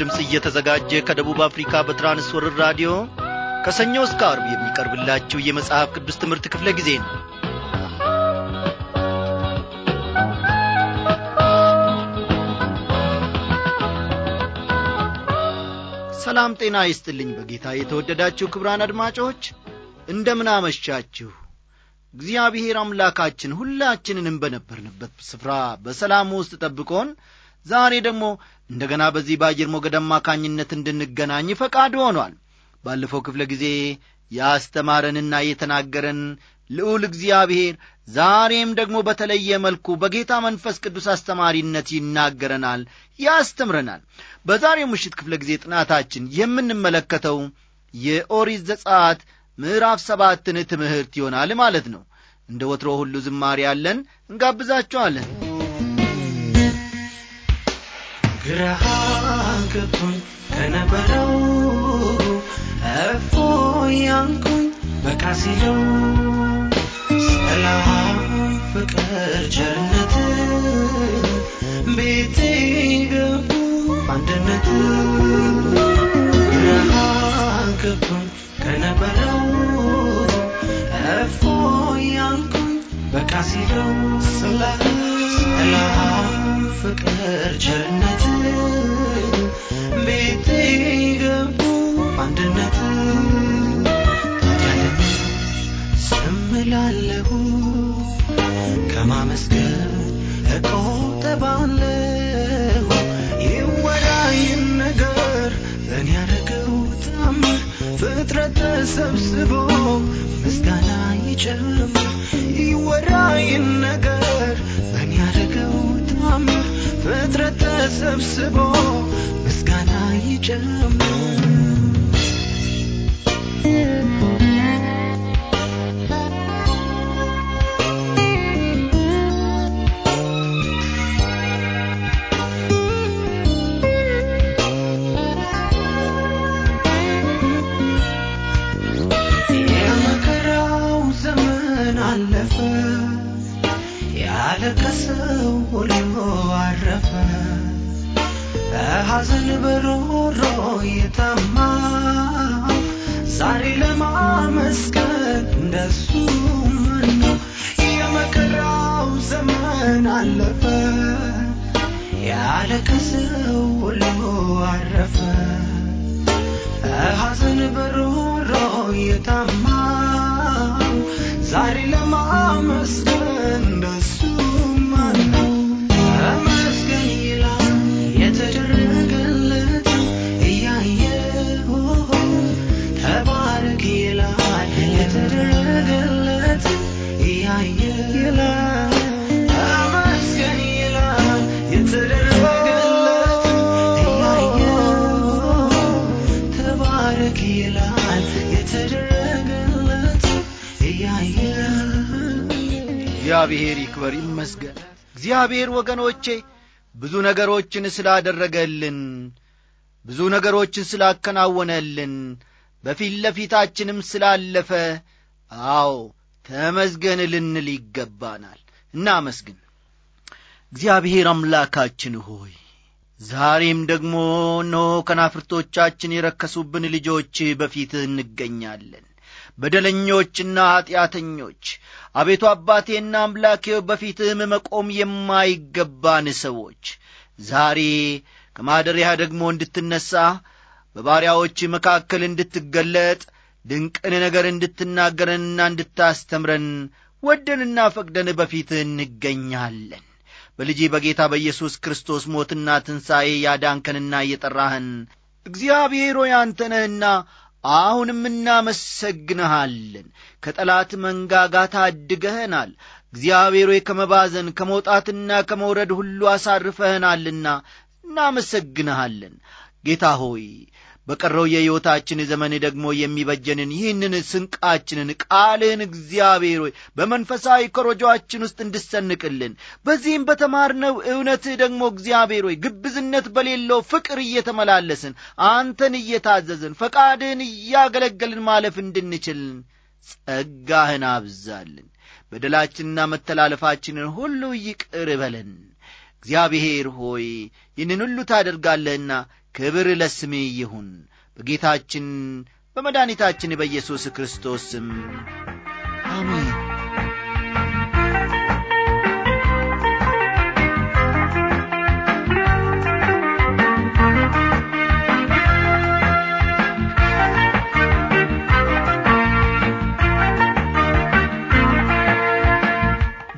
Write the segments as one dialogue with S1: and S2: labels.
S1: ድምፅ እየተዘጋጀ ከደቡብ አፍሪካ በትራንስወርር ራዲዮ ከሰኞ እስከ አርብ የሚቀርብላችሁ የመጽሐፍ ቅዱስ ትምህርት ክፍለ ጊዜ ነው ሰላም ጤና ይስጥልኝ በጌታ የተወደዳችሁ ክብራን አድማጮች እንደምን አመሻችሁ እግዚአብሔር አምላካችን ሁላችንንም በነበርንበት ስፍራ በሰላም ውስጥ ጠብቆን ዛሬ ደግሞ እንደገና በዚህ በአየር ሞገድ አማካኝነት እንድንገናኝ ፈቃድ ሆኗል ባለፈው ክፍለ ጊዜ ያስተማረንና የተናገረን ልዑል እግዚአብሔር ዛሬም ደግሞ በተለየ መልኩ በጌታ መንፈስ ቅዱስ አስተማሪነት ይናገረናል ያስተምረናል በዛሬው ምሽት ክፍለ ጊዜ ጥናታችን የምንመለከተው የኦሪዝ ዘጻት ምዕራፍ ሰባትን ትምህርት ይሆናል ማለት ነው እንደ ወትሮ ሁሉ ዝማሪ ያለን እንጋብዛችኋለን
S2: ግራ ገብቶኝ ከነበረው እፎይ ያልኩኝ በቃ ሲለው ሰላም፣ ፍቅር፣ ቸርነት ቤቴ ገቡ አንድነት ግራ ገብቶኝ ከነበረው እፎይ ያልኩኝ በቃ ሲለው ሰላም ፍቅር ቸርነት ቤቴ ገቡ አንድነት ታዲያለም ስምላለሁ ከማመስገን እቆጠባለሁ ይወዳይን ነገር ለእኔ ያደረገው ታምር ፍጥረት ተሰብስቦ ምስጋና ይጨምር ይወዳይን ነገር ፍጥረት ተሰብስቦ ምስጋና ይጨምር። ሐዘን በሮሮ የተማ ዛሬ ለማመስገን እንደሱ ነው። የመከራው ዘመን አለፈ፣ ያለቀሰው ሁሉ አረፈ። ሐዘን በሮ
S1: እግዚአብሔር ይክበር ይመስገን እግዚአብሔር ወገኖቼ ብዙ ነገሮችን ስላደረገልን ብዙ ነገሮችን ስላከናወነልን በፊት ለፊታችንም ስላለፈ አዎ ተመስገን ልንል ይገባናል እናመስግን እግዚአብሔር አምላካችን ሆይ ዛሬም ደግሞ እነሆ ከናፍርቶቻችን የረከሱብን ልጆች በፊት እንገኛለን በደለኞችና ኀጢአተኞች አቤቱ አባቴና አምላኬ በፊትህም መቆም የማይገባን ሰዎች ዛሬ ከማደሪያ ደግሞ እንድትነሣ በባሪያዎች መካከል እንድትገለጥ ድንቅን ነገር እንድትናገረንና እንድታስተምረን ወደንና ፈቅደን በፊት እንገኛለን። በልጅ በጌታ በኢየሱስ ክርስቶስ ሞትና ትንሣኤ ያዳንከንና እየጠራህን እግዚአብሔር ሆይ አሁንም እናመሰግንሃለን። ከጠላት መንጋጋ ታድገህናል እግዚአብሔር ሆይ ከመባዘን ከመውጣትና ከመውረድ ሁሉ አሳርፈህናልና እናመሰግንሃለን። ጌታ ሆይ በቀረው የሕይወታችን ዘመን ደግሞ የሚበጀንን ይህንን ስንቃችንን ቃልን እግዚአብሔር ሆይ በመንፈሳዊ ኮረጆአችን ውስጥ እንድሰንቅልን በዚህም በተማርነው እውነትህ ደግሞ እግዚአብሔር ሆይ ግብዝነት በሌለው ፍቅር እየተመላለስን አንተን እየታዘዝን ፈቃድህን እያገለገልን ማለፍ እንድንችልን ጸጋህን አብዛልን። በደላችንና መተላለፋችንን ሁሉ ይቅር በለን። እግዚአብሔር ሆይ ይህንን ሁሉ ታደርጋለህና ክብር ለስሜ ይሁን በጌታችን በመድኃኒታችን በኢየሱስ ክርስቶስ ስም አሜን።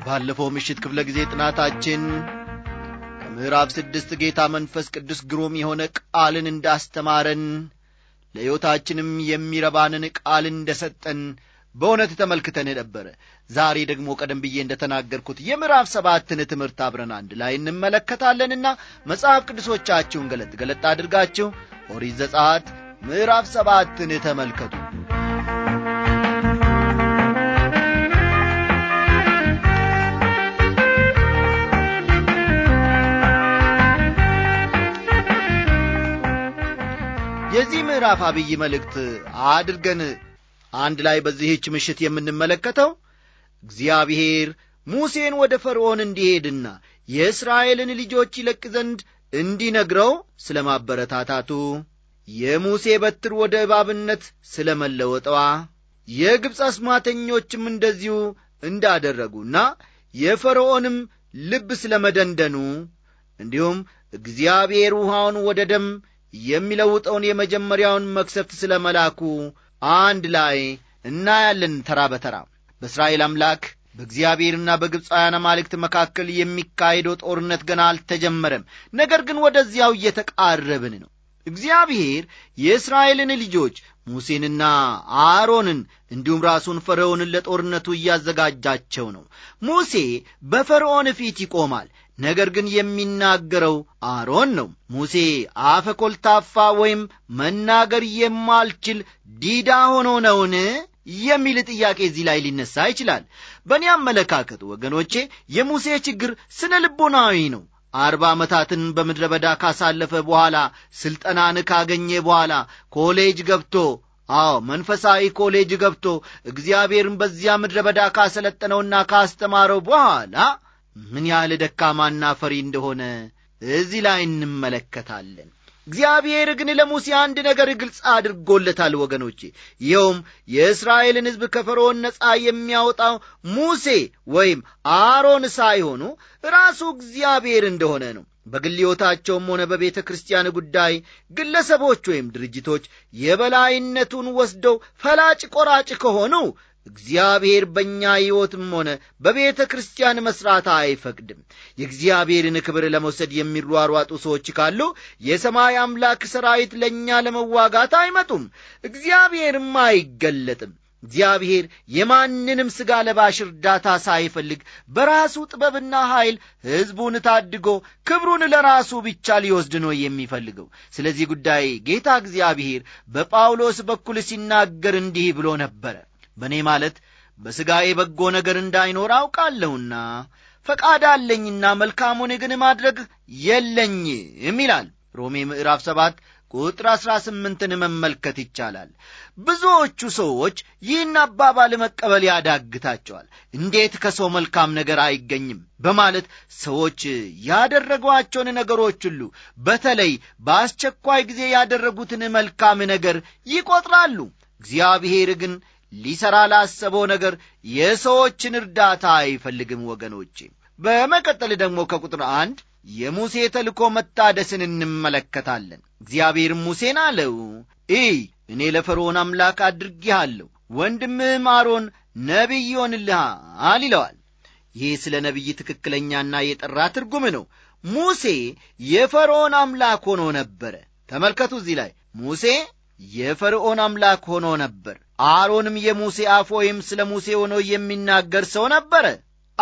S1: ባለፈው ምሽት ክፍለ ጊዜ ጥናታችን ከምዕራፍ ስድስት ጌታ መንፈስ ቅዱስ ግሩም የሆነ ቃልን እንዳስተማረን ለሕይወታችንም የሚረባንን ቃል እንደ ሰጠን በእውነት ተመልክተን ነበረ። ዛሬ ደግሞ ቀደም ብዬ እንደ ተናገርኩት የምዕራፍ ሰባትን ትምህርት አብረን አንድ ላይ እንመለከታለንና መጽሐፍ ቅዱሶቻችሁን ገለጥ ገለጥ አድርጋችሁ ኦሪት ዘጸአት ምዕራፍ ሰባትን ተመልከቱ። የዚህ ምዕራፍ አብይ መልእክት አድርገን አንድ ላይ በዚህች ምሽት የምንመለከተው እግዚአብሔር ሙሴን ወደ ፈርዖን እንዲሄድና የእስራኤልን ልጆች ይለቅ ዘንድ እንዲነግረው ስለ ማበረታታቱ፣ የሙሴ በትር ወደ እባብነት ስለ መለወጠዋ፣ የግብፅ አስማተኞችም እንደዚሁ እንዳደረጉና የፈርዖንም ልብ ስለ መደንደኑ እንዲሁም እግዚአብሔር ውሃውን ወደ ደም የሚለውጠውን የመጀመሪያውን መክሰፍት ስለ መላኩ አንድ ላይ እናያለን ተራ በተራ በእስራኤል አምላክ በእግዚአብሔርና በግብፃውያን አማልክት መካከል የሚካሄደው ጦርነት ገና አልተጀመረም። ነገር ግን ወደዚያው እየተቃረብን ነው። እግዚአብሔር የእስራኤልን ልጆች ሙሴንና አሮንን እንዲሁም ራሱን ፈርዖንን ለጦርነቱ እያዘጋጃቸው ነው። ሙሴ በፈርዖን ፊት ይቆማል፣ ነገር ግን የሚናገረው አሮን ነው። ሙሴ አፈ ኮልታፋ ወይም መናገር የማልችል ዲዳ ሆኖ ነውን የሚል ጥያቄ እዚህ ላይ ሊነሳ ይችላል። በእኔ አመለካከት ወገኖቼ፣ የሙሴ ችግር ስነ ልቦናዊ ነው። አርባ ዓመታትን በምድረ በዳ ካሳለፈ በኋላ ሥልጠናን ካገኘ በኋላ ኮሌጅ ገብቶ አዎ መንፈሳዊ ኮሌጅ ገብቶ እግዚአብሔርን በዚያ ምድረ በዳ ካሰለጠነውና ካስተማረው በኋላ ምን ያህል ደካማና ፈሪ እንደሆነ እዚህ ላይ እንመለከታለን። እግዚአብሔር ግን ለሙሴ አንድ ነገር ግልጽ አድርጎለታል ወገኖቼ። ይኸውም የእስራኤልን ሕዝብ ከፈርዖን ነፃ የሚያወጣው ሙሴ ወይም አሮን ሳይሆኑ ራሱ እግዚአብሔር እንደሆነ ነው። በግልዮታቸውም ሆነ በቤተ ክርስቲያን ጉዳይ ግለሰቦች ወይም ድርጅቶች የበላይነቱን ወስደው ፈላጭ ቆራጭ ከሆኑ እግዚአብሔር በእኛ ሕይወትም ሆነ በቤተ ክርስቲያን መሥራት አይፈቅድም። የእግዚአብሔርን ክብር ለመውሰድ የሚሯሯጡ ሰዎች ካሉ የሰማይ አምላክ ሰራዊት ለእኛ ለመዋጋት አይመጡም፣ እግዚአብሔርም አይገለጥም። እግዚአብሔር የማንንም ሥጋ ለባሽ እርዳታ ሳይፈልግ በራሱ ጥበብና ኃይል ሕዝቡን ታድጎ ክብሩን ለራሱ ብቻ ሊወስድ ነው የሚፈልገው። ስለዚህ ጉዳይ ጌታ እግዚአብሔር በጳውሎስ በኩል ሲናገር እንዲህ ብሎ ነበረ በእኔ ማለት በሥጋዬ በጎ ነገር እንዳይኖር አውቃለሁና ፈቃድ አለኝና መልካሙን ግን ማድረግ የለኝም ይላል ሮሜ ምዕራፍ ሰባት ቁጥር አሥራ ስምንትን መመልከት ይቻላል። ብዙዎቹ ሰዎች ይህን አባባል መቀበል ያዳግታቸዋል። እንዴት ከሰው መልካም ነገር አይገኝም በማለት ሰዎች ያደረጓቸውን ነገሮች ሁሉ በተለይ በአስቸኳይ ጊዜ ያደረጉትን መልካም ነገር ይቆጥራሉ። እግዚአብሔር ግን ሊሠራ ላሰበው ነገር የሰዎችን እርዳታ አይፈልግም። ወገኖቼ በመቀጠል ደግሞ ከቁጥር አንድ የሙሴ ተልኮ መታደስን እንመለከታለን። እግዚአብሔር ሙሴን አለው፣ እይ እኔ ለፈርዖን አምላክ አድርጌሃለሁ፣ ወንድምህም አሮን ነቢይ ይሆንልሃል ይለዋል። ይህ ስለ ነቢይ ትክክለኛና የጠራ ትርጉም ነው። ሙሴ የፈርዖን አምላክ ሆኖ ነበረ። ተመልከቱ እዚህ ላይ ሙሴ የፈርዖን አምላክ ሆኖ ነበር። አሮንም የሙሴ አፍ ወይም ስለ ሙሴ ሆኖ የሚናገር ሰው ነበረ።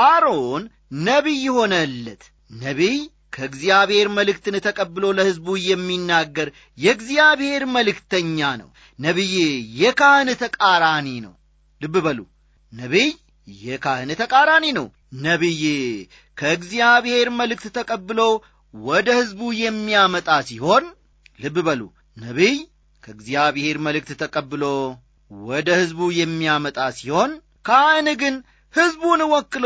S1: አሮን ነቢይ ሆነለት። ነቢይ ከእግዚአብሔር መልእክትን ተቀብሎ ለሕዝቡ የሚናገር የእግዚአብሔር መልእክተኛ ነው። ነቢይ የካህን ተቃራኒ ነው። ልብ በሉ፣ ነቢይ የካህን ተቃራኒ ነው። ነቢይ ከእግዚአብሔር መልእክት ተቀብሎ ወደ ሕዝቡ የሚያመጣ ሲሆን፣ ልብ በሉ፣ ነቢይ ከእግዚአብሔር መልእክት ተቀብሎ ወደ ሕዝቡ የሚያመጣ ሲሆን ካህን ግን ሕዝቡን ወክሎ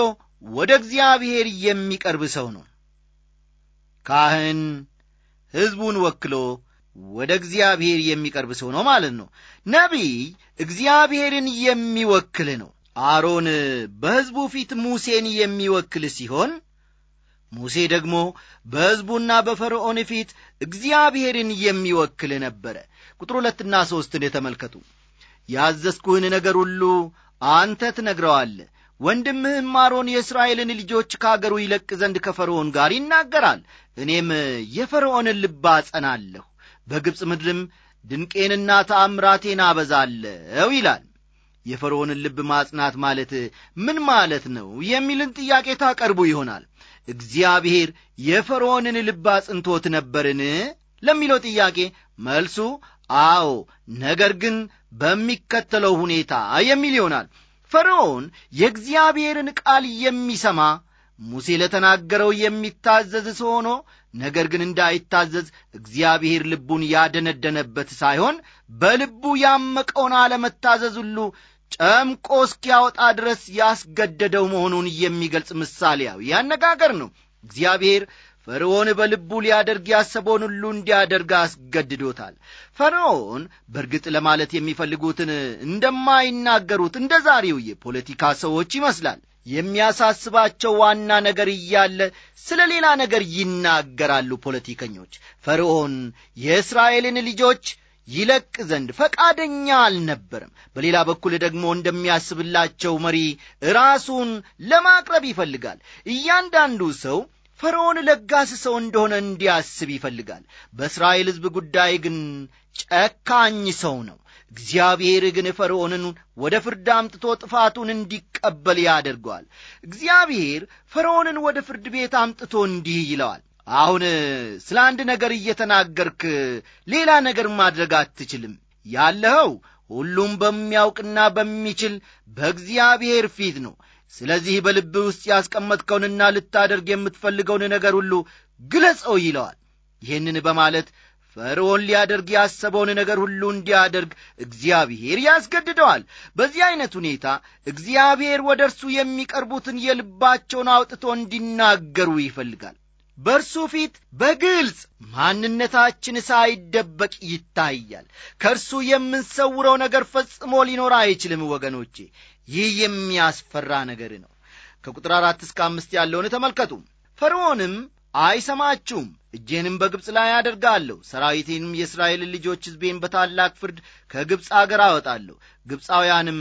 S1: ወደ እግዚአብሔር የሚቀርብ ሰው ነው። ካህን ሕዝቡን ወክሎ ወደ እግዚአብሔር የሚቀርብ ሰው ነው ማለት ነው። ነቢይ እግዚአብሔርን የሚወክል ነው። አሮን በሕዝቡ ፊት ሙሴን የሚወክል ሲሆን ሙሴ ደግሞ በሕዝቡና በፈርዖን ፊት እግዚአብሔርን የሚወክል ነበረ። ቁጥር ሁለትና ሦስትን የተመልከቱ። ያዘዝኩህን ነገር ሁሉ አንተ ትነግረዋለ ወንድምህም አሮን የእስራኤልን ልጆች ከአገሩ ይለቅ ዘንድ ከፈርዖን ጋር ይናገራል እኔም የፈርዖንን ልብ አጸናለሁ በግብፅ ምድርም ድንቄንና ተአምራቴን አበዛለሁ ይላል የፈርዖንን ልብ ማጽናት ማለት ምን ማለት ነው የሚልን ጥያቄ ታቀርቡ ይሆናል እግዚአብሔር የፈርዖንን ልብ አጽንቶት ነበርን ለሚለው ጥያቄ መልሱ አዎ ነገር ግን በሚከተለው ሁኔታ የሚል ይሆናል። ፈርዖን የእግዚአብሔርን ቃል የሚሰማ ሙሴ ለተናገረው የሚታዘዝ ሆኖ ነገር ግን እንዳይታዘዝ እግዚአብሔር ልቡን ያደነደነበት ሳይሆን በልቡ ያመቀውን አለመታዘዝ ሁሉ ጨምቆ እስኪያወጣ ድረስ ያስገደደው መሆኑን የሚገልጽ ምሳሌያዊ አነጋገር ነው። እግዚአብሔር ፈርዖን በልቡ ሊያደርግ ያሰበውን ሁሉ እንዲያደርግ አስገድዶታል። ፈርዖን በእርግጥ ለማለት የሚፈልጉትን እንደማይናገሩት እንደ ዛሬው የፖለቲካ ሰዎች ይመስላል። የሚያሳስባቸው ዋና ነገር እያለ ስለ ሌላ ነገር ይናገራሉ ፖለቲከኞች። ፈርዖን የእስራኤልን ልጆች ይለቅ ዘንድ ፈቃደኛ አልነበርም በሌላ በኩል ደግሞ እንደሚያስብላቸው መሪ ራሱን ለማቅረብ ይፈልጋል። እያንዳንዱ ሰው ፈርዖን ለጋስ ሰው እንደሆነ እንዲያስብ ይፈልጋል። በእስራኤል ሕዝብ ጉዳይ ግን ጨካኝ ሰው ነው። እግዚአብሔር ግን ፈርዖንን ወደ ፍርድ አምጥቶ ጥፋቱን እንዲቀበል ያደርገዋል። እግዚአብሔር ፈርዖንን ወደ ፍርድ ቤት አምጥቶ እንዲህ ይለዋል፣ አሁን ስለ አንድ ነገር እየተናገርክ ሌላ ነገር ማድረግ አትችልም። ያለኸው ሁሉም በሚያውቅና በሚችል በእግዚአብሔር ፊት ነው። ስለዚህ በልብ ውስጥ ያስቀመጥከውንና ልታደርግ የምትፈልገውን ነገር ሁሉ ግለጸው ይለዋል ይህንን በማለት ፈርዖን ሊያደርግ ያሰበውን ነገር ሁሉ እንዲያደርግ እግዚአብሔር ያስገድደዋል በዚህ ዐይነት ሁኔታ እግዚአብሔር ወደ እርሱ የሚቀርቡትን የልባቸውን አውጥቶ እንዲናገሩ ይፈልጋል በእርሱ ፊት በግልጽ ማንነታችን ሳይደበቅ ይታያል። ከእርሱ የምንሰውረው ነገር ፈጽሞ ሊኖር አይችልም። ወገኖቼ ይህ የሚያስፈራ ነገር ነው። ከቁጥር አራት እስከ አምስት ያለውን ተመልከቱ። ፈርዖንም አይሰማችሁም እጄንም በግብፅ ላይ አደርጋለሁ ሰራዊቴንም የእስራኤልን ልጆች ሕዝቤን በታላቅ ፍርድ ከግብፅ አገር አወጣለሁ ግብፃውያንም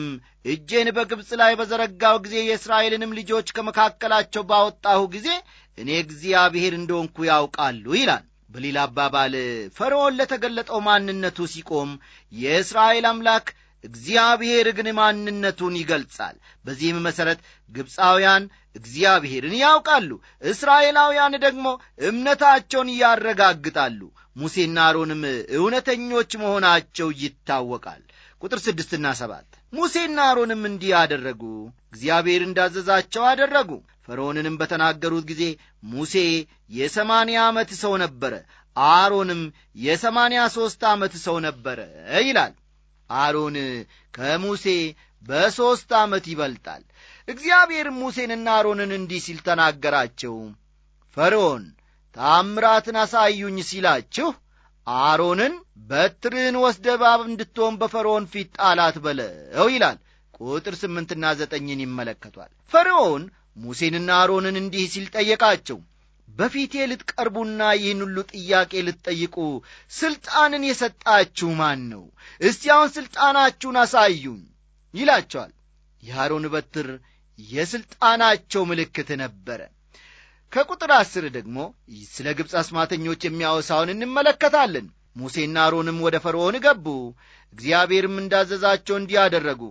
S1: እጄን በግብፅ ላይ በዘረጋው ጊዜ የእስራኤልንም ልጆች ከመካከላቸው ባወጣሁ ጊዜ እኔ እግዚአብሔር እንደሆንኩ ያውቃሉ ይላል በሌላ አባባል ፈርዖን ለተገለጠው ማንነቱ ሲቆም የእስራኤል አምላክ እግዚአብሔር ግን ማንነቱን ይገልጻል። በዚህም መሠረት ግብፃውያን እግዚአብሔርን ያውቃሉ፣ እስራኤላውያን ደግሞ እምነታቸውን ያረጋግጣሉ። ሙሴና አሮንም እውነተኞች መሆናቸው ይታወቃል። ቁጥር ስድስትና ሰባት ሙሴና አሮንም እንዲህ አደረጉ፣ እግዚአብሔር እንዳዘዛቸው አደረጉ። ፈርዖንንም በተናገሩት ጊዜ ሙሴ የሰማንያ ዓመት ሰው ነበረ፣ አሮንም የሰማንያ ሦስት ዓመት ሰው ነበረ ይላል። አሮን ከሙሴ በሦስት ዓመት ይበልጣል። እግዚአብሔር ሙሴንና አሮንን እንዲህ ሲል ተናገራቸው። ፈርዖን ታምራትን አሳዩኝ ሲላችሁ አሮንን በትርህን ወስደ እንድትሆን በፈርዖን ፊት ጣላት በለው ይላል። ቁጥር ስምንትና ዘጠኝን ይመለከቷል። ፈርዖን ሙሴንና አሮንን እንዲህ ሲል ጠየቃቸው። በፊቴ ልትቀርቡና ይህን ሁሉ ጥያቄ ልትጠይቁ ሥልጣንን የሰጣችሁ ማን ነው? እስቲያውን ሥልጣናችሁን አሳዩኝ ይላቸዋል። የአሮን በትር የሥልጣናቸው ምልክት ነበረ። ከቁጥር አስር ደግሞ ስለ ግብፅ አስማተኞች የሚያወሳውን እንመለከታለን። ሙሴና አሮንም ወደ ፈርዖን ገቡ፣ እግዚአብሔርም እንዳዘዛቸው እንዲህ አደረጉ።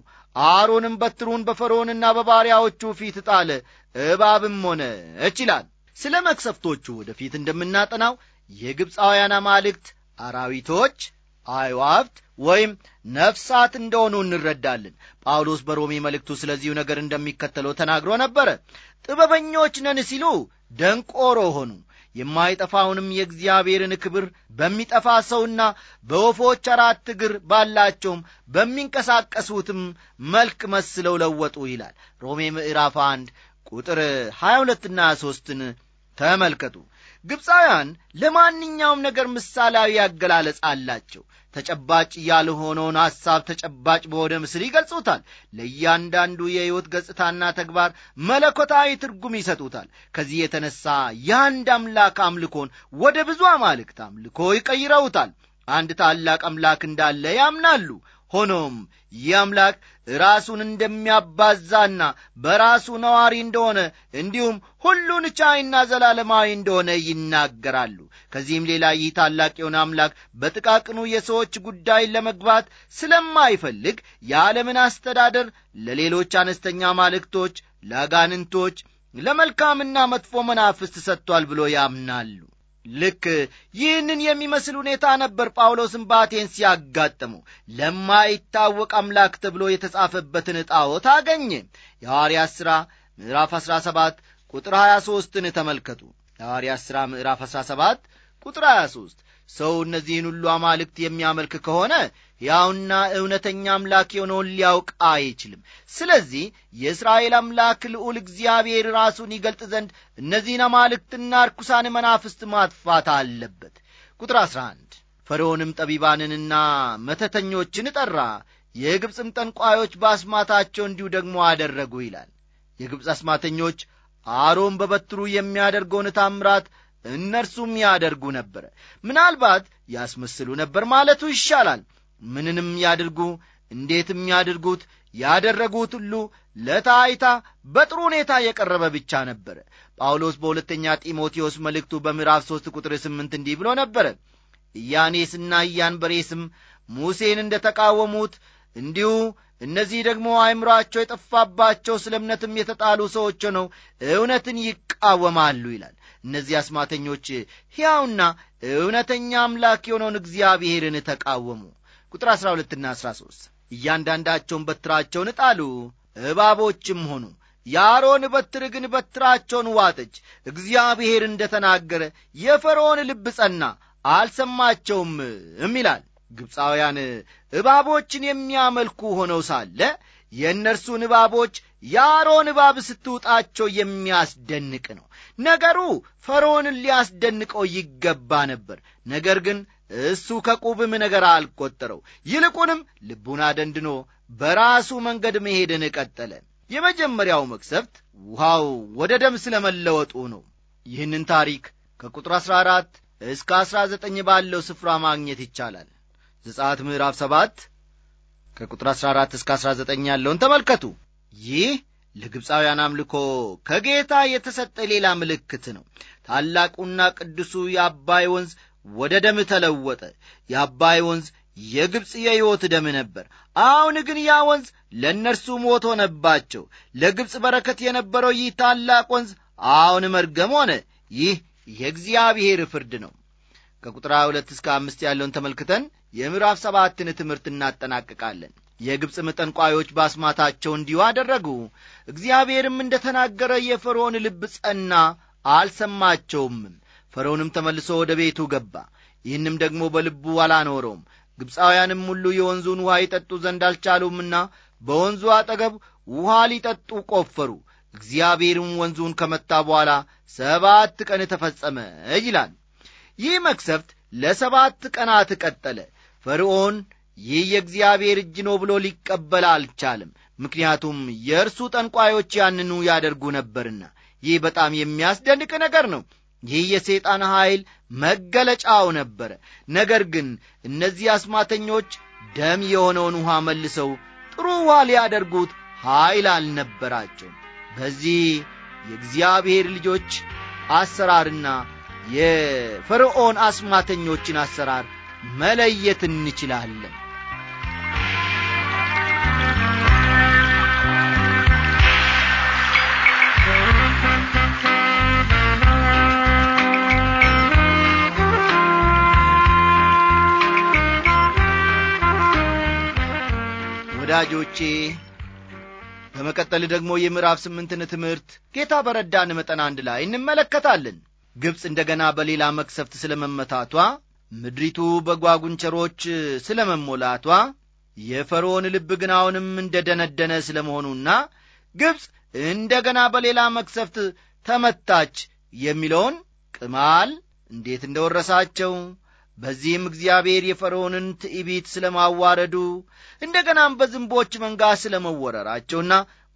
S1: አሮንም በትሩን በፈርዖንና በባሪያዎቹ ፊት ጣለ፣ እባብም ሆነች ይላል። ስለ መክሰፍቶቹ ወደፊት እንደምናጠናው የግብፃውያን አማልክት አራዊቶች አይዋፍት ወይም ነፍሳት እንደሆኑ እንረዳለን ጳውሎስ በሮሜ መልእክቱ ስለዚሁ ነገር እንደሚከተለው ተናግሮ ነበረ ጥበበኞች ነን ሲሉ ደንቆሮ ሆኑ የማይጠፋውንም የእግዚአብሔርን ክብር በሚጠፋ ሰውና በወፎች አራት እግር ባላቸውም በሚንቀሳቀሱትም መልክ መስለው ለወጡ ይላል ሮሜ ምዕራፍ 1 ቁጥር 22ና 3 ተመልከቱ ግብፃውያን ለማንኛውም ነገር ምሳሌያዊ አገላለጽ አላቸው ተጨባጭ ያልሆነውን ሐሳብ ተጨባጭ በሆነ ምስል ይገልጹታል ለእያንዳንዱ የሕይወት ገጽታና ተግባር መለኮታዊ ትርጉም ይሰጡታል ከዚህ የተነሳ የአንድ አምላክ አምልኮን ወደ ብዙ አማልክት አምልኮ ይቀይረውታል አንድ ታላቅ አምላክ እንዳለ ያምናሉ ሆኖም ይህ አምላክ ራሱን እንደሚያባዛና በራሱ ነዋሪ እንደሆነ እንዲሁም ሁሉን ቻይና ዘላለማዊ እንደሆነ ይናገራሉ። ከዚህም ሌላ ይህ ታላቅ የሆነ አምላክ በጥቃቅኑ የሰዎች ጉዳይን ለመግባት ስለማይፈልግ የዓለምን አስተዳደር ለሌሎች አነስተኛ ማልእክቶች፣ ለአጋንንቶች፣ ለመልካምና መጥፎ መናፍስት ሰጥቷል ብሎ ያምናሉ። ልክ ይህንን የሚመስል ሁኔታ ነበር ጳውሎስን ባቴን ሲያጋጥሙ ለማይታወቅ አምላክ ተብሎ የተጻፈበትን ጣዖት አገኘ። የሐዋርያት ሥራ ምዕራፍ 17 ቁጥር 23ን ተመልከቱ። የሐዋርያት ሥራ ምዕራፍ 17 ቁጥር 23 ሰው እነዚህን ሁሉ አማልክት የሚያመልክ ከሆነ ሕያውና እውነተኛ አምላክ የሆነውን ሊያውቅ አይችልም። ስለዚህ የእስራኤል አምላክ ልዑል እግዚአብሔር ራሱን ይገልጥ ዘንድ እነዚህን አማልክትና ርኩሳን መናፍስት ማጥፋት አለበት። ቁጥር 11 ፈርዖንም ጠቢባንንና መተተኞችን ጠራ፣ የግብፅም ጠንቋዮች በአስማታቸው እንዲሁ ደግሞ አደረጉ ይላል። የግብፅ አስማተኞች አሮን በበትሩ የሚያደርገውን ታምራት እነርሱም ያደርጉ ነበረ። ምናልባት ያስመስሉ ነበር ማለቱ ይሻላል። ምንንም ያድርጉ እንዴትም ያድርጉት ያደረጉት ሁሉ ለታይታ በጥሩ ሁኔታ የቀረበ ብቻ ነበረ ጳውሎስ በሁለተኛ ጢሞቴዎስ መልእክቱ በምዕራፍ ሦስት ቁጥር ስምንት እንዲህ ብሎ ነበረ እያኔስና እያንበሬስም ሙሴን እንደ ተቃወሙት እንዲሁ እነዚህ ደግሞ አይምሯቸው የጠፋባቸው ስለ እምነትም የተጣሉ ሰዎች ሆነው እውነትን ይቃወማሉ ይላል እነዚህ አስማተኞች ሕያውና እውነተኛ አምላክ የሆነውን እግዚአብሔርን ተቃወሙ ቁጥር 12ና 13 እያንዳንዳቸውን በትራቸውን ጣሉ እባቦችም ሆኑ የአሮን በትር ግን በትራቸውን ዋጠች እግዚአብሔር እንደ ተናገረ የፈርዖን ልብ ጸና አልሰማቸውም ይላል ግብፃውያን እባቦችን የሚያመልኩ ሆነው ሳለ የእነርሱን እባቦች የአሮን እባብ ስትውጣቸው የሚያስደንቅ ነው ነገሩ ፈርዖንን ሊያስደንቀው ይገባ ነበር ነገር ግን እሱ ከቁብም ነገር አልቆጠረው ይልቁንም ልቡን አደንድኖ በራሱ መንገድ መሄድን ቀጠለ። የመጀመሪያው መቅሰፍት ውሃው ወደ ደም ስለ መለወጡ ነው። ይህንን ታሪክ ከቁጥር 14 እስከ 19 ባለው ስፍራ ማግኘት ይቻላል። ዘጸአት ምዕራፍ 7 ከቁጥር 14 እስከ 19 ያለውን ተመልከቱ። ይህ ለግብፃውያን አምልኮ ከጌታ የተሰጠ ሌላ ምልክት ነው። ታላቁና ቅዱሱ የአባይ ወንዝ ወደ ደም ተለወጠ። የአባይ ወንዝ የግብፅ የሕይወት ደም ነበር። አሁን ግን ያ ወንዝ ለእነርሱ ሞት ሆነባቸው። ለግብፅ በረከት የነበረው ይህ ታላቅ ወንዝ አሁን መርገም ሆነ። ይህ የእግዚአብሔር ፍርድ ነው። ከቁጥር ሁለት እስከ አምስት ያለውን ተመልክተን የምዕራፍ ሰባትን ትምህርት እናጠናቅቃለን። የግብፅ ምጠንቋዮች ባስማታቸው እንዲሁ አደረጉ። እግዚአብሔርም እንደ ተናገረ የፈርዖን ልብ ጸና፣ አልሰማቸውም። ፈርዖንም ተመልሶ ወደ ቤቱ ገባ ይህንም ደግሞ በልቡ አላኖረውም ግብፃውያንም ሁሉ የወንዙን ውኃ ይጠጡ ዘንድ አልቻሉምና በወንዙ አጠገብ ውኃ ሊጠጡ ቆፈሩ እግዚአብሔርም ወንዙን ከመታ በኋላ ሰባት ቀን ተፈጸመ ይላል ይህ መክሰፍት ለሰባት ቀናት ቀጠለ ፈርዖን ይህ የእግዚአብሔር እጅ ነው ብሎ ሊቀበል አልቻለም ምክንያቱም የእርሱ ጠንቋዮች ያንኑ ያደርጉ ነበርና ይህ በጣም የሚያስደንቅ ነገር ነው ይህ የሰይጣን ኀይል መገለጫው ነበረ። ነገር ግን እነዚህ አስማተኞች ደም የሆነውን ውኃ መልሰው ጥሩ ውኃ ሊያደርጉት ኀይል አልነበራቸውም። በዚህ የእግዚአብሔር ልጆች አሰራርና የፈርዖን አስማተኞችን አሰራር መለየት እንችላለን። ወዳጆቼ በመቀጠል ደግሞ የምዕራፍ ስምንትን ትምህርት ጌታ በረዳን መጠን አንድ ላይ እንመለከታለን ግብፅ እንደ ገና በሌላ መክሰፍት ስለ መመታቷ ምድሪቱ በጓጉንቸሮች ስለ መሞላቷ የፈርዖን ልብ ግን አሁንም እንደ ደነደነ ስለ መሆኑና ግብፅ እንደ ገና በሌላ መክሰፍት ተመታች የሚለውን ቅማል እንዴት እንደ ወረሳቸው በዚህም እግዚአብሔር የፈርዖንን ትዕቢት ስለ ማዋረዱ እንደ ገናም በዝንቦች መንጋ ስለ መወረራቸውና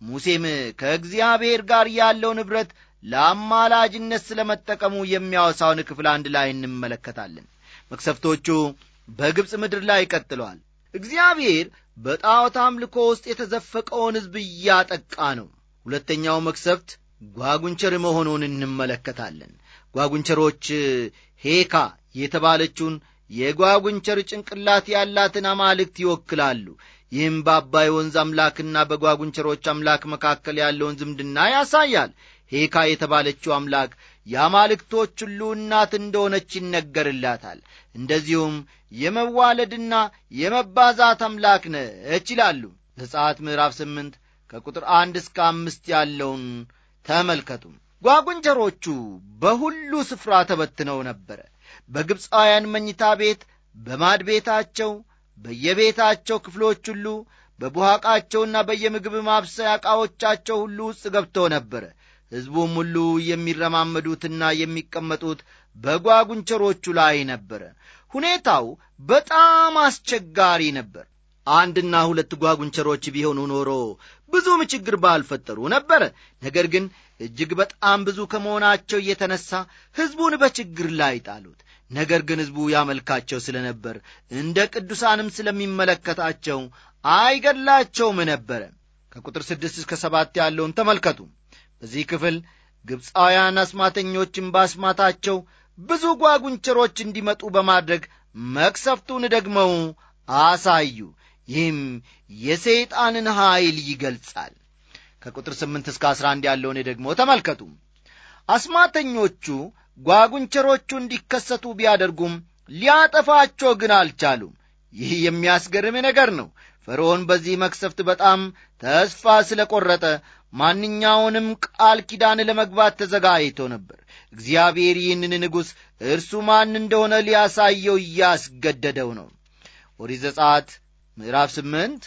S1: ሙሴም ከእግዚአብሔር ጋር ያለውን ንብረት ለአማላጅነት ስለ መጠቀሙ የሚያወሳውን ክፍል አንድ ላይ እንመለከታለን። መክሰፍቶቹ በግብፅ ምድር ላይ ቀጥለዋል። እግዚአብሔር በጣዖት አምልኮ ውስጥ የተዘፈቀውን ሕዝብ እያጠቃ ነው። ሁለተኛው መክሰፍት ጓጉንቸር መሆኑን እንመለከታለን። ጓጉንቸሮች ሄካ የተባለችውን የጓጉንቸር ጭንቅላት ያላትን አማልክት ይወክላሉ። ይህም በአባይ ወንዝ አምላክና በጓጉንቸሮች አምላክ መካከል ያለውን ዝምድና ያሳያል። ሄካ የተባለችው አምላክ የአማልክቶች ሁሉ እናት እንደሆነች ይነገርላታል። እንደዚሁም የመዋለድና የመባዛት አምላክ ነች ይላሉ። ዘጸአት ምዕራፍ ስምንት ከቁጥር አንድ እስከ አምስት ያለውን ተመልከቱ። ጓጉንቸሮቹ በሁሉ ስፍራ ተበትነው ነበረ። በግብፃውያን መኝታ ቤት በማድ ቤታቸው በየቤታቸው ክፍሎች ሁሉ በቡሃቃቸውና በየምግብ ማብሰያ ዕቃዎቻቸው ሁሉ ውስጥ ገብቶ ነበረ ሕዝቡም ሁሉ የሚረማመዱትና የሚቀመጡት በጓጉንቸሮቹ ላይ ነበረ ሁኔታው በጣም አስቸጋሪ ነበር አንድና ሁለት ጓጉንቸሮች ቢሆኑ ኖሮ ብዙም ችግር ባልፈጠሩ ነበረ ነገር ግን እጅግ በጣም ብዙ ከመሆናቸው እየተነሳ ሕዝቡን በችግር ላይ ጣሉት። ነገር ግን ሕዝቡ ያመልካቸው ስለ ነበር እንደ ቅዱሳንም ስለሚመለከታቸው አይገድላቸውም ነበረ። ከቁጥር ስድስት እስከ ሰባት ያለውን ተመልከቱ። በዚህ ክፍል ግብፃውያን አስማተኞችን በአስማታቸው ብዙ ጓጉንቸሮች እንዲመጡ በማድረግ መቅሰፍቱን ደግመው አሳዩ። ይህም የሰይጣንን ኀይል ይገልጻል። ከቁጥር 8 እስከ 11 ያለውን ደግሞ ተመልከቱ አስማተኞቹ ጓጉንቸሮቹ እንዲከሰቱ ቢያደርጉም ሊያጠፋቸው ግን አልቻሉም ይህ የሚያስገርም ነገር ነው ፈርዖን በዚህ መክሰፍት በጣም ተስፋ ስለ ቈረጠ ማንኛውንም ቃል ኪዳን ለመግባት ተዘጋጅቶ ነበር እግዚአብሔር ይህንን ንጉሥ እርሱ ማን እንደሆነ ሊያሳየው እያስገደደው ነው ኦሪዘ ጻት ምዕራፍ ስምንት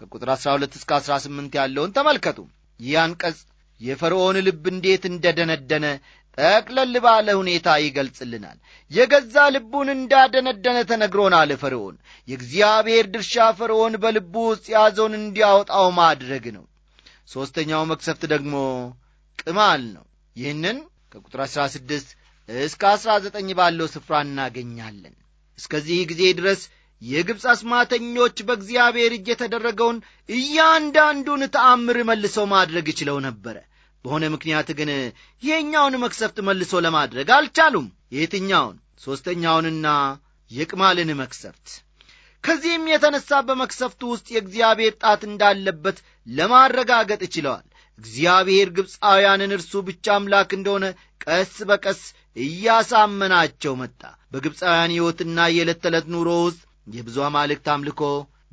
S1: ከቁጥር 12 እስከ 18 ያለውን ተመልከቱ። ይህ አንቀጽ የፈርዖን ልብ እንዴት እንደደነደነ ጠቅለል ባለ ሁኔታ ይገልጽልናል። የገዛ ልቡን እንዳደነደነ ተነግሮናል። ፈርዖን የእግዚአብሔር ድርሻ ፈርዖን በልቡ ውስጥ ያዘውን እንዲያወጣው ማድረግ ነው። ሦስተኛው መክሰፍት ደግሞ ቅማል ነው። ይህንን ከቁጥር 16 እስከ 19 ባለው ስፍራ እናገኛለን። እስከዚህ ጊዜ ድረስ የግብፅ አስማተኞች በእግዚአብሔር እጅ የተደረገውን እያንዳንዱን ተአምር መልሰው ማድረግ ይችለው ነበረ። በሆነ ምክንያት ግን ይሄኛውን መክሰፍት መልሶ ለማድረግ አልቻሉም። የትኛውን? ሦስተኛውንና የቅማልን መክሰፍት። ከዚህም የተነሳ በመክሰፍቱ ውስጥ የእግዚአብሔር ጣት እንዳለበት ለማረጋገጥ ችለዋል። እግዚአብሔር ግብፃውያንን እርሱ ብቻ አምላክ እንደሆነ ቀስ በቀስ እያሳመናቸው መጣ። በግብፃውያን ሕይወትና የዕለት ተዕለት ኑሮ ውስጥ የብዙ አማልክት አምልኮ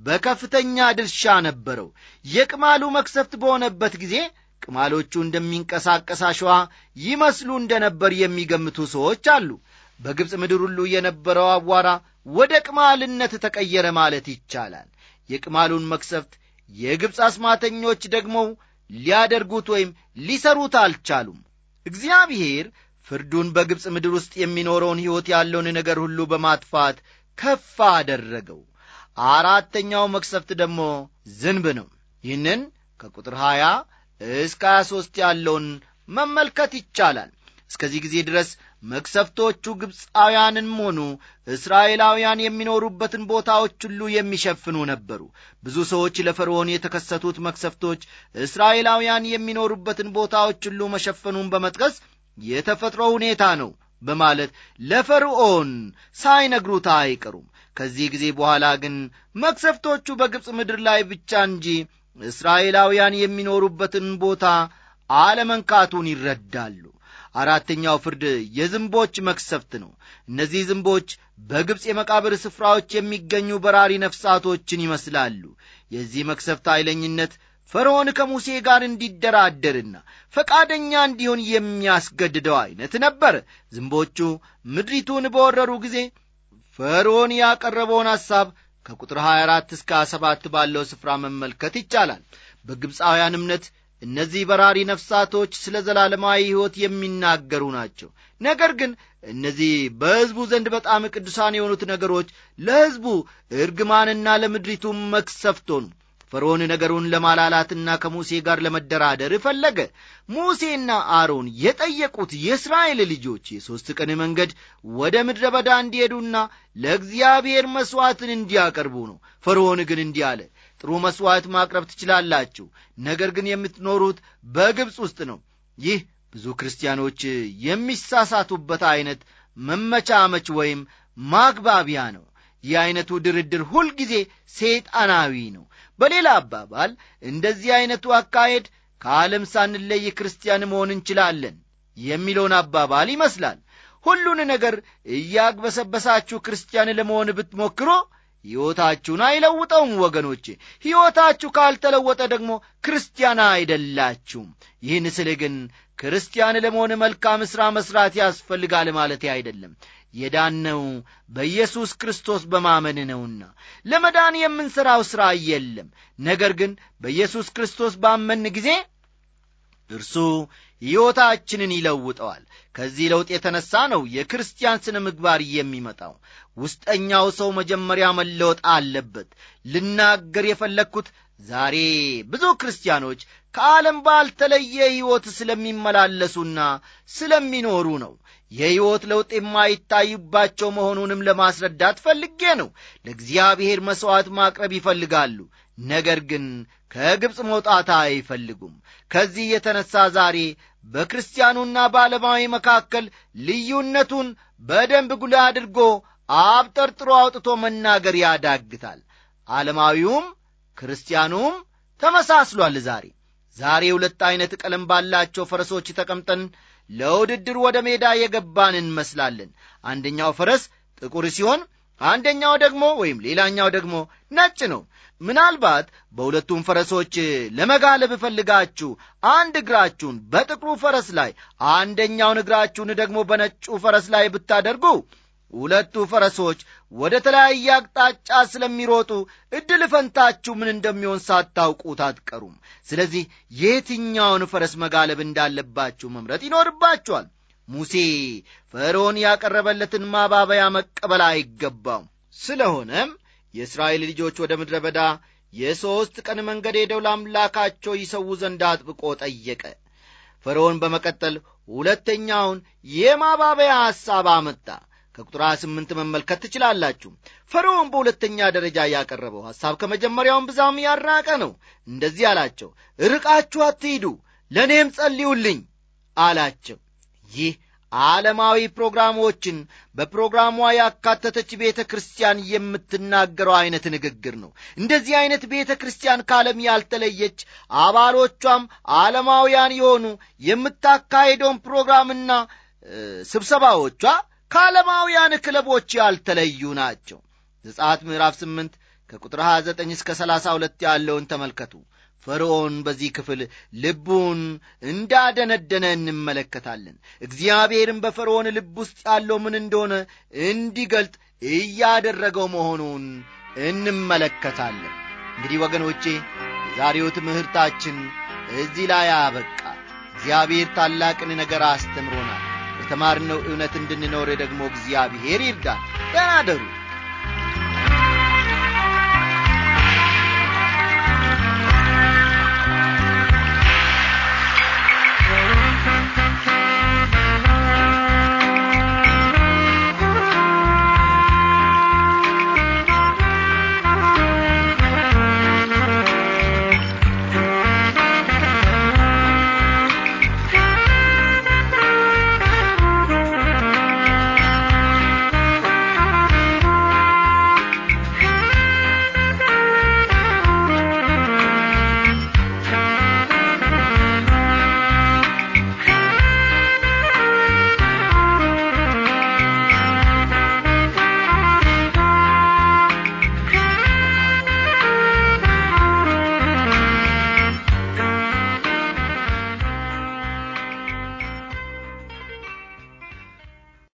S1: በከፍተኛ ድርሻ ነበረው። የቅማሉ መክሰፍት በሆነበት ጊዜ ቅማሎቹ እንደሚንቀሳቀስ አሸዋ ይመስሉ እንደነበር የሚገምቱ ሰዎች አሉ። በግብፅ ምድር ሁሉ የነበረው አቧራ ወደ ቅማልነት ተቀየረ ማለት ይቻላል። የቅማሉን መክሰፍት የግብፅ አስማተኞች ደግሞ ሊያደርጉት ወይም ሊሰሩት አልቻሉም። እግዚአብሔር ፍርዱን በግብፅ ምድር ውስጥ የሚኖረውን ሕይወት ያለውን ነገር ሁሉ በማጥፋት ከፍ አደረገው። አራተኛው መቅሰፍት ደግሞ ዝንብ ነው። ይህንን ከቁጥር 20 እስከ 23 ያለውን መመልከት ይቻላል። እስከዚህ ጊዜ ድረስ መቅሰፍቶቹ ግብፃውያንም ሆኑ እስራኤላውያን የሚኖሩበትን ቦታዎች ሁሉ የሚሸፍኑ ነበሩ። ብዙ ሰዎች ለፈርዖን የተከሰቱት መቅሰፍቶች እስራኤላውያን የሚኖሩበትን ቦታዎች ሁሉ መሸፈኑን በመጥቀስ የተፈጥሮ ሁኔታ ነው በማለት ለፈርዖን ሳይነግሩት አይቀሩም። ከዚህ ጊዜ በኋላ ግን መቅሰፍቶቹ በግብፅ ምድር ላይ ብቻ እንጂ እስራኤላውያን የሚኖሩበትን ቦታ አለመንካቱን ይረዳሉ። አራተኛው ፍርድ የዝንቦች መክሰፍት ነው። እነዚህ ዝንቦች በግብፅ የመቃብር ስፍራዎች የሚገኙ በራሪ ነፍሳቶችን ይመስላሉ። የዚህ መክሰፍት ኃይለኝነት ፈርዖን ከሙሴ ጋር እንዲደራደርና ፈቃደኛ እንዲሆን የሚያስገድደው ዐይነት ነበር። ዝንቦቹ ምድሪቱን በወረሩ ጊዜ ፈርዖን ያቀረበውን ሐሳብ ከቁጥር 24 እስከ 27 ባለው ስፍራ መመልከት ይቻላል። በግብፃውያን እምነት እነዚህ በራሪ ነፍሳቶች ስለ ዘላለማዊ ሕይወት የሚናገሩ ናቸው። ነገር ግን እነዚህ በሕዝቡ ዘንድ በጣም ቅዱሳን የሆኑት ነገሮች ለሕዝቡ እርግማንና ለምድሪቱ መክሰፍት ሆኑ። ፈርዖን ነገሩን ለማላላትና ከሙሴ ጋር ለመደራደር ፈለገ። ሙሴና አሮን የጠየቁት የእስራኤል ልጆች የሦስት ቀን መንገድ ወደ ምድረ በዳ እንዲሄዱና ለእግዚአብሔር መሥዋዕትን እንዲያቀርቡ ነው። ፈርዖን ግን እንዲህ አለ፣ ጥሩ መሥዋዕት ማቅረብ ትችላላችሁ፣ ነገር ግን የምትኖሩት በግብፅ ውስጥ ነው። ይህ ብዙ ክርስቲያኖች የሚሳሳቱበት ዐይነት መመቻመች ወይም ማግባቢያ ነው። ይህ ዐይነቱ ድርድር ሁልጊዜ ሰይጣናዊ ነው። በሌላ አባባል እንደዚህ ዐይነቱ አካሄድ ከዓለም ሳንለይ ክርስቲያን መሆን እንችላለን የሚለውን አባባል ይመስላል ሁሉን ነገር እያግበሰበሳችሁ ክርስቲያን ለመሆን ብትሞክሮ ሕይወታችሁን አይለውጠውም ወገኖቼ ሕይወታችሁ ካልተለወጠ ደግሞ ክርስቲያና አይደላችሁም ይህን ስል ግን ክርስቲያን ለመሆን መልካም ሥራ መሥራት ያስፈልጋል ማለት አይደለም። የዳነው በኢየሱስ ክርስቶስ በማመን ነውና ለመዳን የምንሠራው ሥራ የለም። ነገር ግን በኢየሱስ ክርስቶስ ባመን ጊዜ እርሱ ሕይወታችንን ይለውጠዋል። ከዚህ ለውጥ የተነሳ ነው የክርስቲያን ስነ ምግባር የሚመጣው። ውስጠኛው ሰው መጀመሪያ መለወጥ አለበት። ልናገር የፈለግኩት ዛሬ ብዙ ክርስቲያኖች ከዓለም ባልተለየ ሕይወት ስለሚመላለሱና ስለሚኖሩ ነው። የሕይወት ለውጥ የማይታይባቸው መሆኑንም ለማስረዳት ፈልጌ ነው። ለእግዚአብሔር መሥዋዕት ማቅረብ ይፈልጋሉ፣ ነገር ግን ከግብፅ መውጣት አይፈልጉም። ከዚህ የተነሣ ዛሬ በክርስቲያኑና በዓለማዊ መካከል ልዩነቱን በደንብ ጉልህ አድርጎ አብጠርጥሮ አውጥቶ መናገር ያዳግታል። ዓለማዊውም ክርስቲያኑም ተመሳስሏል። ዛሬ ዛሬ ሁለት ዐይነት ቀለም ባላቸው ፈረሶች ተቀምጠን ለውድድር ወደ ሜዳ የገባን እንመስላለን። አንደኛው ፈረስ ጥቁር ሲሆን አንደኛው ደግሞ ወይም ሌላኛው ደግሞ ነጭ ነው። ምናልባት በሁለቱም ፈረሶች ለመጋለብ እፈልጋችሁ አንድ እግራችሁን በጥቁሩ ፈረስ ላይ፣ አንደኛውን እግራችሁን ደግሞ በነጩ ፈረስ ላይ ብታደርጉ ሁለቱ ፈረሶች ወደ ተለያየ አቅጣጫ ስለሚሮጡ ዕድል ፈንታችሁ ምን እንደሚሆን ሳታውቁት አትቀሩም። ስለዚህ የትኛውን ፈረስ መጋለብ እንዳለባችሁ መምረጥ ይኖርባችኋል። ሙሴ ፈርዖን ያቀረበለትን ማባበያ መቀበል አይገባውም። ስለሆነም የእስራኤል ልጆች ወደ ምድረ በዳ የሦስት ቀን መንገድ ሄደው ለአምላካቸው ይሰዉ ዘንድ አጥብቆ ጠየቀ። ፈርዖን በመቀጠል ሁለተኛውን የማባበያ ሐሳብ አመጣ። ከቁጥር 28 መመልከት ትችላላችሁ። ፈርዖን በሁለተኛ ደረጃ ያቀረበው ሐሳብ ከመጀመሪያውም ብዛም ያራቀ ነው። እንደዚህ አላቸው፣ ርቃችሁ አትሂዱ፣ ለእኔም ጸልዩልኝ አላቸው። ይህ ዓለማዊ ፕሮግራሞችን በፕሮግራሟ ያካተተች ቤተ ክርስቲያን የምትናገረው ዐይነት ንግግር ነው። እንደዚህ ዐይነት ቤተ ክርስቲያን ከዓለም ያልተለየች፣ አባሎቿም ዓለማውያን የሆኑ የምታካሄደውን ፕሮግራምና ስብሰባዎቿ ከዓለማውያን ክለቦች ያልተለዩ ናቸው። ዘጸአት ምዕራፍ 8 ከቁጥር 29 እስከ 32 ያለውን ተመልከቱ። ፈርዖን በዚህ ክፍል ልቡን እንዳደነደነ እንመለከታለን። እግዚአብሔርም በፈርዖን ልብ ውስጥ ያለው ምን እንደሆነ እንዲገልጥ እያደረገው መሆኑን እንመለከታለን። እንግዲህ ወገኖቼ የዛሬው ትምህርታችን እዚህ ላይ አበቃ። እግዚአብሔር ታላቅን ነገር አስተምሮናል። ባስተማርነው እውነት እንድንኖር ደግሞ እግዚአብሔር ይርዳል።
S2: ደህና